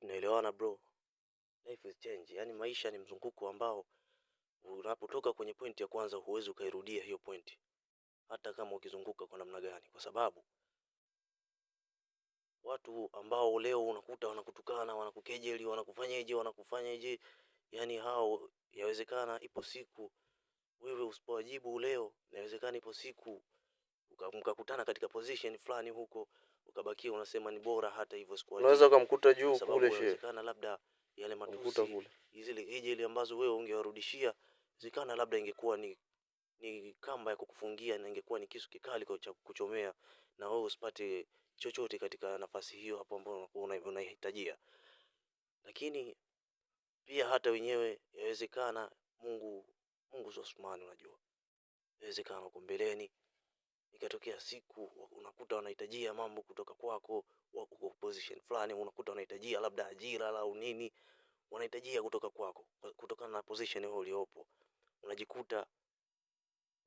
tunaelewana bro. Life is change, yaani maisha ni mzunguko ambao unapotoka kwenye pointi ya kwanza huwezi ukairudia hiyo pointi, hata kama ukizunguka kwa namna gani, kwa sababu watu ambao leo unakuta wanakutukana, wanakukejeli, wanakufanyaje, wanakufanyaje, yani hao yawezekana ipo siku wewe usipowajibu leo, inawezekana ipo siku mkakutana katika position fulani huko ukabakia unasema ni bora hata hivyo siku hiyo. Unaweza ukamkuta juu kule shehe, inawezekana labda yale matusi zile ile ambazo wewe ungewarudishia, zikana labda ingekuwa ni ni kamba ya kukufungia na ingekuwa ni kisu kikali cha kuchomea na wewe usipate chochote katika nafasi hiyo hapo ambayo unaihitajia. Lakini pia hata wenyewe yawezekana Mungu Mungu Subhanahu unajua, yawezekana huko mbeleni Ikatokea siku unakuta wanahitajia mambo kutoka kwako, uko position fulani, unakuta wanahitajia labda ajira au nini, wanahitajia kutoka kwako, kutokana na position wewe uliopo, unajikuta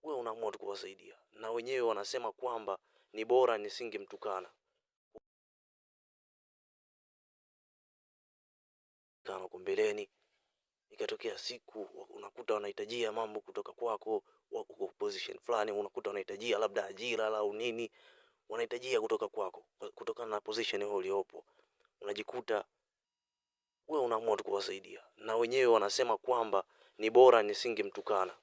wewe unaamua tu kuwasaidia, na wenyewe wanasema kwamba ni bora nisingemtukana huko mbeleni. Ikatokea siku unakuta wanahitajia mambo kutoka kwako, wako position fulani, unakuta wanahitajia labda ajira au nini, wanahitajia kutoka kwako, kutokana na position hiyo uliopo, unajikuta wewe unaamua tu kuwasaidia, na wenyewe wanasema kwamba ni bora nisingemtukana.